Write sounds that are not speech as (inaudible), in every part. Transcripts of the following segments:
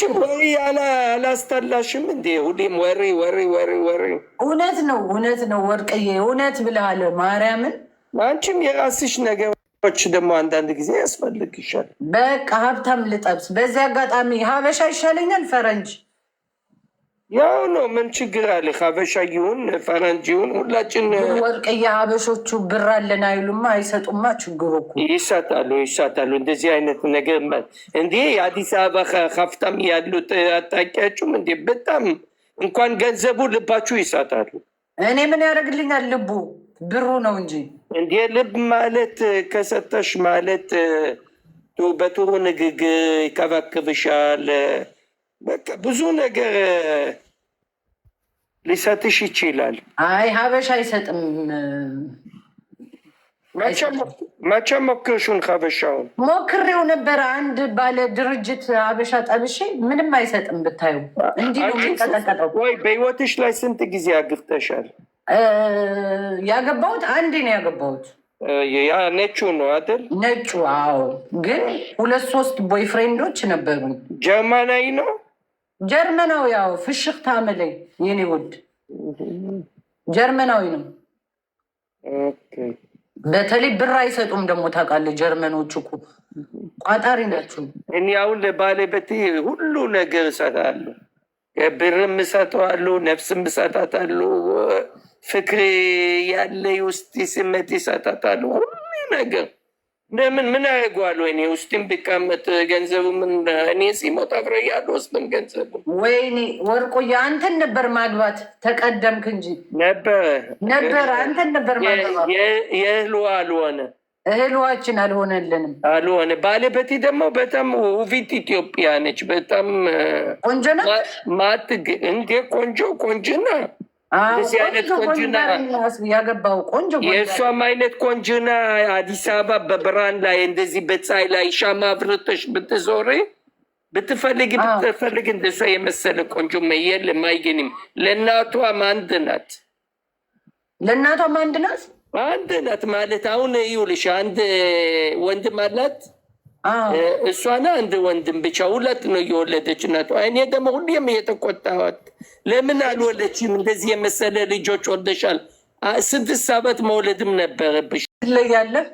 አላስጠላሽም እንዴ? ሁሌም ወሬ ወሬ ወሬ ወሬ። እውነት ነው እውነት ነው ወርቅዬ፣ እውነት ብለሃል። ማርያምን አንቺም የራስሽ ነገሮች ደግሞ አንዳንድ ጊዜ ያስፈልግሻል። በቃ ሀብታም ልጠብስ። በዚህ አጋጣሚ ሀበሻ ይሻለኛል ፈረንጅ ያው ነው። ምን ችግር አለ? ሀበሻ ይሁን ፈረንጅ ይሁን ሁላችን ወርቅ ሀበሾቹ ብር አለን አይሉማ፣ አይሰጡማ። ችግሩ እኮ ይሳታሉ፣ ይሳታሉ። እንደዚህ አይነት ነገር እንዴ! የአዲስ አበባ ሀፍታም ያሉት አታውቂያችሁም እንዴ? በጣም እንኳን ገንዘቡ ልባችሁ ይሳታሉ። እኔ ምን ያደርግልኛል ልቡ ብሩ ነው እንጂ እንዴ። ልብ ማለት ከሰጠሽ ማለት በጥሩ ንግግር ይከባክብሻል። በቃ ብዙ ነገር ሊሰጥሽ ይችላል። አይ ሀበሻ አይሰጥም። መቼ ሞክርሹን? ሀበሻውን ሞክሬው ነበረ። አንድ ባለ ድርጅት ሀበሻ ጠብሼ ምንም አይሰጥም። ብታዩ እንዲህ ነው ወይ በህይወትሽ ላይ ስንት ጊዜ አግብተሻል? ያገባሁት አንዴ ነው ያገባሁት። ያ ነጩ ነው አይደል? ነጩ። አዎ። ግን ሁለት ሶስት ቦይፍሬንዶች ነበሩ። ጀርመናዊ ነው ጀርመናዊ ያው ፍሽክ ታምለኝ የኔ ውድ ጀርመናዊ ነው። በተለይ ብር አይሰጡም ደግሞ ታውቃለህ፣ ጀርመኖች እኮ ቋጣሪ ናቸው። እኔ አሁን ለባለቤቴ ሁሉ ነገር እሰጣለሁ፣ ብርም እሰጠዋለሁ፣ ነፍስም እሰጣታለሁ፣ ፍቅር ያለ ውስጥ ስሜት እሰጣታለሁ፣ ሁሉ ነገር ለምን ምን አያጓሉ? እኔ ውስጥም ቢቀመጥ ገንዘቡ ምን እኔ ሲሞት አብረ ውስጥም ገንዘቡ። ወይኔ ወርቁዬ አንተን ነበር ማግባት ተቀደምክ እንጂ ነበረ ነበረ አንተን ነበር ማግባት። የእህሉ አልሆነ እህልዋችን አልሆነልንም አልሆነ። ባለቤቴ ደግሞ በጣም ውፊት ኢትዮጵያ ነች። በጣም ቆንጆ ነ ማትግ እንዴ ቆንጆ ቆንጅና እንደዚህ አይነት ቆንጆና ያገባው ቆንጆ የእሷም አይነት ቆንጅና አዲስ አበባ በብርሃን ላይ እንደዚህ በፀሐይ ላይ ሻማ አብርተሽ ብትዞሪ ብትፈልግ ብትፈልግ እንደሷ የመሰለ ቆንጆ የለም፣ አይገኝም። ለእናቷም አንድ ናት። ለእናቷም አንድ ናት። አንድ ናት ማለት አሁን ይኸውልሽ አንድ ወንድም አላት እሷና እንደ ወንድም ብቻ ሁለት ነው የወለደች እናቷ። እኔ ደግሞ ሁሌም የተቆጣኋት ለምን አልወለችም እንደዚህ የመሰለ ልጆች ወልደሻል። ስድስት አመት መውለድም ነበረብሽ። ትለያለህ።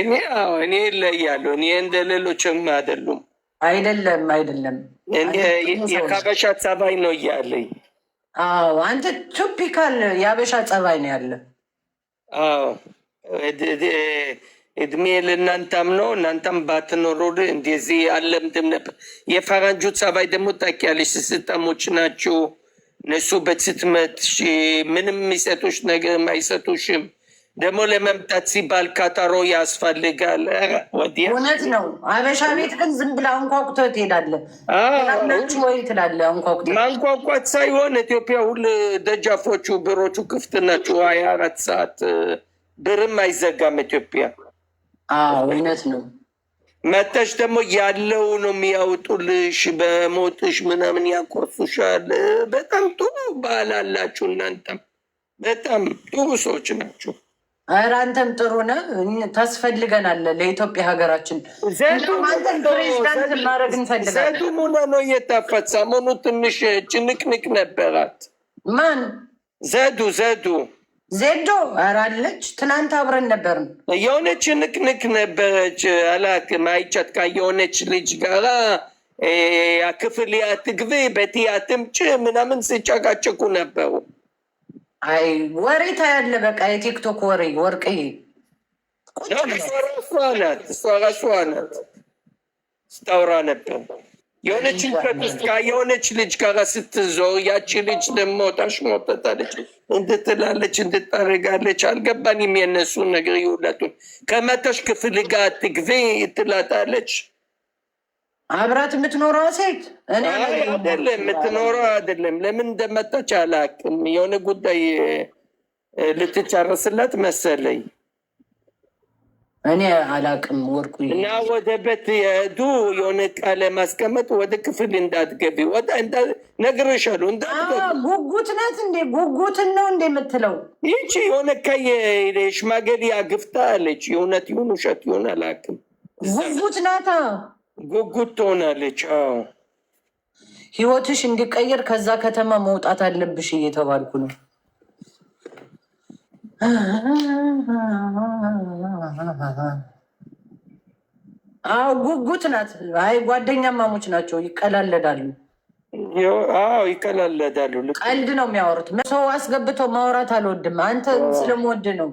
እኔ አዎ፣ እኔ እለያለሁ። እኔ እንደ ሌሎችም አይደሉም። አይደለም፣ አይደለም። የካበሻ ጸባይ ነው እያለኝ። አዎ፣ አንተ ቱፒካል የሀበሻ ጸባይ ነው ያለ እድሜ ለእናንተም ነው። እናንተም ባትኖሩ እንደዚህ አለምድም ነበር። የፈረንጁ ጸባይ ደግሞ ታውቂያለሽ፣ ስስጠሞች ናቸው እነሱ። በስትመት ምንም የሚሰጡሽ ነገር አይሰጡሽም። ደግሞ ለመምጣት ሲባል ካታሮ ያስፈልጋል። እውነት ነው። አበሻ ቤት ግን ዝም ብለህ አንኳኩተህ ትሄዳለህ ወይ ትላለህ። አንኳኩተህ ማንኳኳት ሳይሆን ኢትዮጵያ ሁሉ ደጃፎቹ፣ ብሮቹ ክፍት ናቸው ሀያ አራት ሰዓት ብርም አይዘጋም ኢትዮጵያ እውነት ነው። መተሽ ደግሞ ያለው ነው የሚያውጡልሽ፣ በሞትሽ ምናምን ያቆርሱሻል። በጣም ጥሩ ባህል አላችሁ እናንተም። በጣም ጥሩ ሰዎች ናቸው። ኧረ አንተም ጥሩ ነህ። ታስፈልገናል ለኢትዮጵያ ሀገራችን። ዘዱ ሙና ነው እየታፈት ሰሞኑ ትንሽ ጭንቅንቅ ነበራት። ማን ዘዱ ዘዱ ዜዶ አራለች። ትናንት አብረን ነበርን። የሆነች ንቅንቅ ነበረች አላክ አይቻት የሆነች ልጅ ጋራ ክፍል ያትግብ በቲ ያትምጭ ምናምን ሲጨቃጭቁ ነበሩ። አይ ወሬ ታያለ፣ በቃ የቲክቶክ ወሬ ወርቅዬ። እሷ ራሷ ናት፣ እሷ ራሷ ናት ስታውራ ነበር የሆነች እንጨት ጋር የሆነች ልጅ ጋር ስትዞር ያቺ ልጅ ደግሞ ታሽሞጠታለች፣ እንድትላለች፣ እንድታደርጋለች። አልገባንም የነሱን ነገር ይውለቱን ከመተሽ ክፍል ጋር ትግፌ ትላታለች። አብራት የምትኖረው ሴት አይደለም የምትኖረው አይደለም። ለምን እንደመጣች አላውቅም። የሆነ ጉዳይ ልትጨርስላት መሰለኝ እኔ አላቅም ወርቁ እና ወደ ቤት የዱ የሆነ ቃለ ማስቀመጥ ወደ ክፍል እንዳትገቢ ነግርሻሉ። ጉጉት ናት እንዴ? ጉጉትን ነው እንዴ የምትለው? ይቺ የሆነ ካየ ሽማግሌ አግብታ አለች። የእውነት ይሁን ውሸት ይሁን አላቅም። ጉጉት ናታ። ጉጉት ትሆናለች። አዎ ህይወትሽ እንዲቀየር ከዛ ከተማ መውጣት አለብሽ እየተባልኩ ነው አዎ ጉጉት ናት። አይ ጓደኛ ማሞች ናቸው፣ ይቀላለዳሉ። አዎ ይቀላለዳሉ። ቀልድ ነው የሚያወሩት። ሰው አስገብተው ማውራት አልወድም። አንተ ስለምወድ ነው።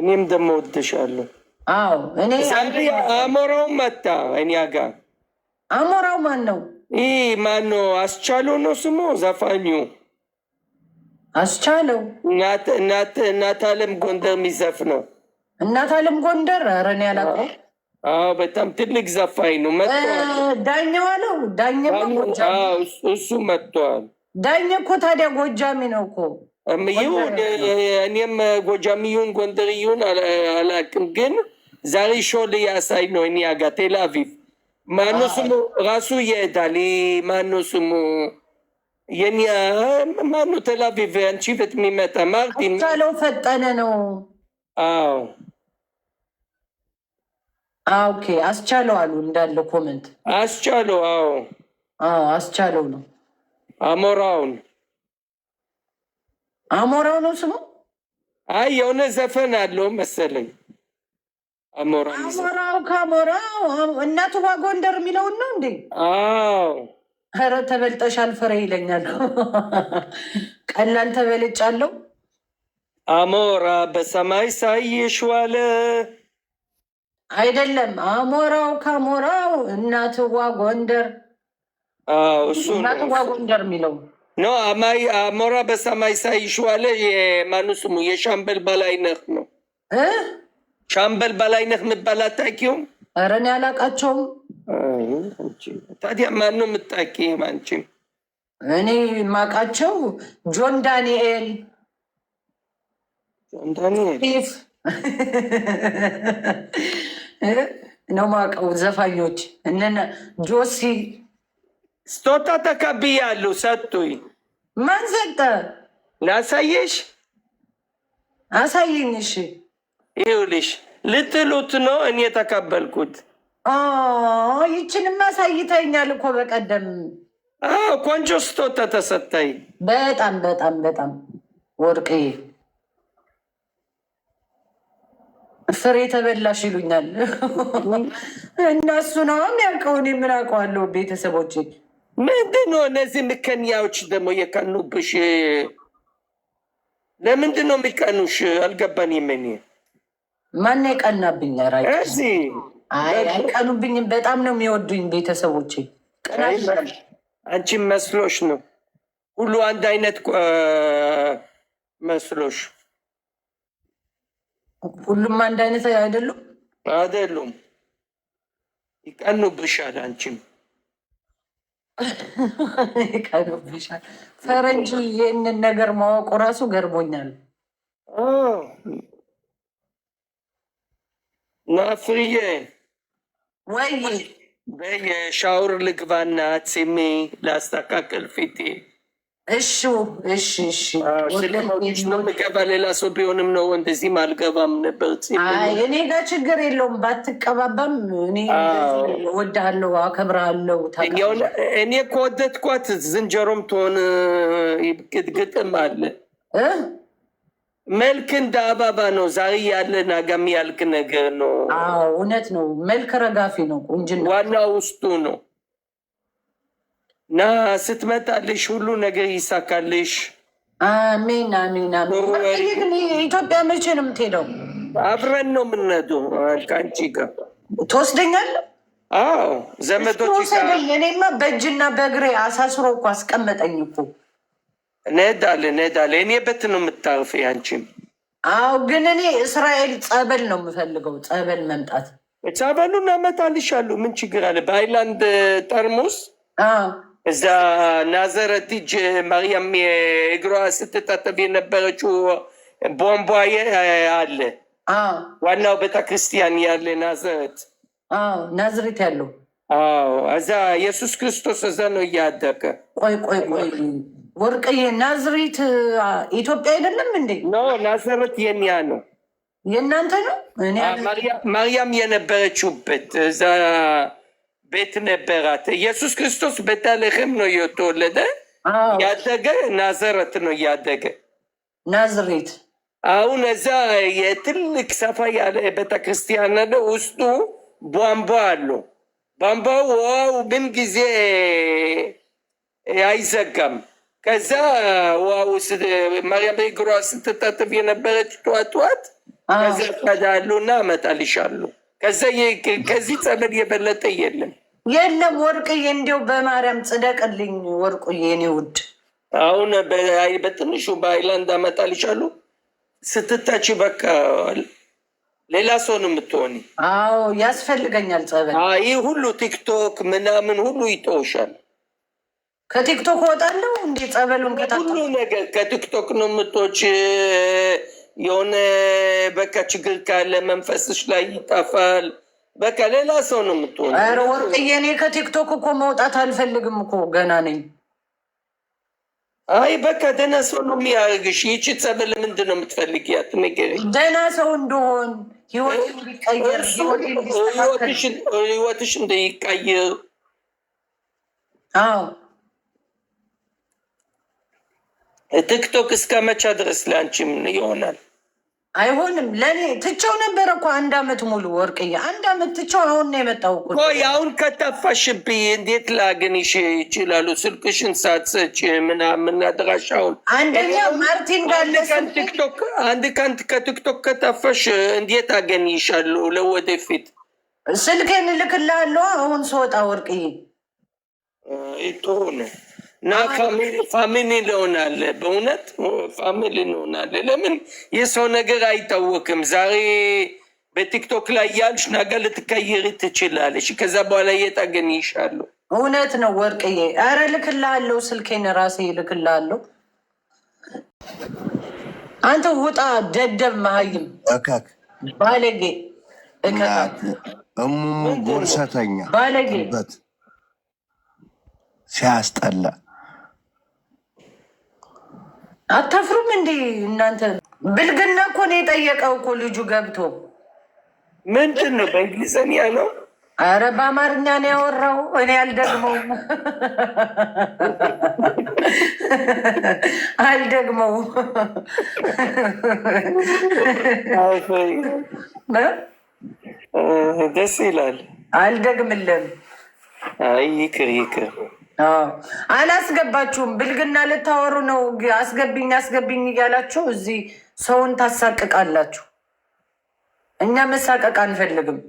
እኔም ደግሞ ወድሻለሁ። አዎ እኔ አሞራው መጣ እኔ ጋ አሞራው ማን ነው? ይህ ማን ነው? አስቻለው ነው ስሙ ዘፋኙ አስቻለው እናት አለም ጎንደር የሚዘፍ ነው። እናት አለም ጎንደር ረን ያላቁ በጣም ትልቅ ዘፋኝ ነው። ዳኛዋ ነው ዳኛ እሱ መጥተዋል። ዳኛ እኮ ታዲያ ጎጃሚ ነው እኮ እኔም ጎጃሚ ይሁን ጎንደር ይሁን አላቅም፣ ግን ዛሬ ሾል ያሳይ ነው እኔ ጋ ቴል አቪቭ ማነው ስሙ ራሱ ይሄዳል። ማነው ስሙ የኛ ማነው ተላቪቭ አንቺ በት የሚመጣ ማርቲንቻለው ፈጠነ ነው። አዎ ኦኬ። አስቻለው አሉ እንዳለ ኮመንት አስቻለው። አዎ አስቻለው ነው። አሞራውን አሞራው ነው ስሙ። አይ የሆነ ዘፈን አለው መሰለኝ። አሞራው አሞራው ከአሞራው እናቱ ዋ ጎንደር የሚለውን ነው እንዴ? አዎ ኧረ ተበልጠሻል ፍሬ ይለኛል። ቀላል ተበልጫለሁ። አሞራ በሰማይ ሳይሽ ዋለ አይደለም አሞራው ከሞራው እናትዋ ጎንደር እናትዋ ጎንደር የሚለው ኖ አማይ አሞራ በሰማይ ሳይሽ ዋለ የማኑ ስሙ የሻምበል በላይነህ ነው። ሻምበል በላይነህ የምባል አታውቂውም? ኧረ እኔ አላውቃቸውም። ታዲያ ማን ነው እኔ የማውቃቸው ጆን ዳንኤል፣ ጆን ዳንኤል ነው የማውቀው። ዘፋኞች እነ ጆሲ ስጦታ ተቀብያለሁ። ሰጡኝ። ማን ሰጠ? ላሳየሽ። አሳየኝ። እሺ ይኸውልሽ። ነው እኔ ተቀበልኩት? ይችንማ አሳይተኛል እኮ በቀደም ቆንጆ ስጦታ ተሰጠኝ። በጣም በጣም በጣም ወርቅዬ ፍሬ ተበላሽ ይሉኛል እነሱ ነው ቤተሰቦች ምንድን ነው እነዚህ ምቀኛዎች ደግሞ የቀኑብሽ? ለምንድን ነው የሚቀኑሽ? ማን የቀናብኝ? ራ እዚህ አይቀኑብኝም። በጣም ነው የሚወዱኝ ቤተሰቦች አንቺ መስሎሽ ነው ሁሉ አንድ አይነት መስሎሽ፣ ሁሉም አንድ አይነት አይደሉም አይደሉም። ይቀኑብሻል፣ አንቺም (laughs) ይቀኑብሻል። ፈረንጅ ይህንን ነገር ማወቁ ራሱ ገርሞኛል። ናፍርዬ ወይ በየሻውር ልግባና ጺሜ ላስተካከል ፊቴ። እሺ እሺ እሺ። ስለሆነች ነው ምቀባ ሌላ ሰው ቢሆንም ነው እንደዚህ አልገባም ነበር። እኔ ጋ ችግር የለውም ባትቀባባም፣ እኔ ወዳለው አከብራለው። እኔ ከወደድኳት ዝንጀሮም ትሆን ግጥግጥም አለ መልክ እንደ አባባ ነው። ዛሬ ያለ ያለን ያልክ ነገር ነው። እውነት ነው። መልክ ረጋፊ ነው። ቁንጅና ዋና ውስጡ ነው ና ስትመጣልሽ ሁሉ ነገር ይሳካልሽ። አሜን አሜን። ግን ኢትዮጵያ መቼ ነው የምትሄደው? አብረን ነው የምንሄደው። ከአንቺ ጋር ትወስደኛለህ? አዎ ዘመዶች። እኔማ በእጅና በእግሬ አሳስሮ እኮ አስቀመጠኝ እኮ ነዳለ ነዳለ እኔ በት ነው የምታርፍ ያንቺም። አዎ ግን እኔ እስራኤል ጸበል ነው የምፈልገው። ጸበል መምጣት ጸበሉን አመጣልሻለሁ። ምን ችግር አለ? በሃይላንድ ጠርሙስ እዛ ናዘረት ሂጅ። ማርያም እግሯ ስትታጠብ የነበረችው ቧንቧ አለ። ዋናው ቤተክርስቲያን ያለ ናዘረት ናዝሬት ያለው እዛ ኢየሱስ ክርስቶስ እዛ ነው እያደቀ ቆይ ቆይ ቆይ ወርቅዬ ናዝሬት ኢትዮጵያ አይደለም እንዴ? ኖ ናዝሬት የኒያ ነው፣ የእናንተ ነው። ማርያም የነበረችውበት እዛ ቤት ነበራት። ኢየሱስ ክርስቶስ ቤተልሔም ነው የተወለደ ያደገ፣ ናዝሬት ነው ያደገ። ናዝሬት አሁን እዛ የትልቅ ሰፋ ያለ ቤተክርስቲያን አለ። ውስጡ ቧንቧ አለው። ቧንቧው ውሃው ምን ጊዜ አይዘጋም። ከዛ ዋው ማርያም እግሯ ስትታጠብ የነበረች ጠዋት ጠዋት ከዛ ቀዳሉ እና አመጣልሻሉ። ከዛ ከዚህ ጸበል የበለጠ የለም የለም። ወርቅዬ እንዲው በማርያም ጽደቅልኝ ወርቁዬ፣ የኔ ውድ አሁን በትንሹ በሀይላንድ አመጣልሻሉ። ስትታች በቃ ሌላ ሰው ነው የምትሆኒ። አዎ ያስፈልገኛል ጸበል። ይህ ሁሉ ቲክቶክ ምናምን ሁሉ ይጠውሻል። ከቲክቶክ ወጣለው እንዴ? ጸበሉን ሁሉ ነገር ከቲክቶክ ነው ምቶች የሆነ በቃ ችግር ካለ መንፈስሽ ላይ ይጠፋል። በቃ ሌላ ሰው ነው የምትሆን። ኧረ ወርቅዬ እኔ ከቲክቶክ እኮ መውጣት አልፈልግም እኮ ገና ነኝ። አይ በቃ ደህና ሰው ነው የሚያደርግሽ። ይቺ ጸበል ምንድን ነው የምትፈልጊያት? ንገሪኝ። ደህና ሰው እንደሆን ህይወት እንዲቀየር ህይወትሽ እንዲቀየር። አዎ ቲክቶክ እስከ መቻ ድረስ ለአንቺም ይሆናል? አይሆንም። ለኔ ትቼው ነበረ እኮ አንድ አመት ሙሉ ወርቅዬ፣ አንድ አመት ትቼው አሁን ነው የመጣው እኮ። አሁን ከጠፋሽብኝ እንዴት ላገኝሽ ይችላሉ? ስልክሽን ሳትሰጪ ምናምን አድራሻውን። አንደኛ ማርቲን ጋለቀን ቲክቶክ፣ አንድ ከንት ከቲክቶክ ከጠፋሽ እንዴት አገኝሻለሁ? ለወደፊት ስልኬን እልክልሃለሁ አሁን ስወጣ ወርቅዬ። ጥሩ ነው። እና ፋሚሊ እንሆናለን። (laughs) በእውነት ፋሚሊ እንሆናለን። ለምን የሰው ነገር አይታወቅም። ዛሬ በቲክቶክ ላይ ያልሽ ነገር ልትቀይሪ ትችላለች። ከዛ በኋላ ይሻሉ። እውነት ነው ወርቅዬ። ኧረ እልክልሃለሁ፣ ስልኬን ራሴ እልክልሃለሁ። አንተ ውጣ ደደብ መሀይም ባለጌ እሙሙ ጎርሰተኛ ባለጌ ሲያስጠላ አታፍሩም እንዴ እናንተ? ብልግና እኮ ነው የጠየቀው እኮ ልጁ ገብቶ ምንድን ነው በእንግሊዝኛ ነው? አረ በአማርኛ ነው ያወራው። እኔ አልደግመውም አልደግመውም። ደስ ይላል። አልደግምልም። ይቅር ይቅር አላስገባችሁም። ብልግና ልታወሩ ነው። አስገቢኝ አስገቢኝ እያላችሁ እዚህ ሰውን ታሳቅቃላችሁ። እኛ መሳቀቅ አንፈልግም።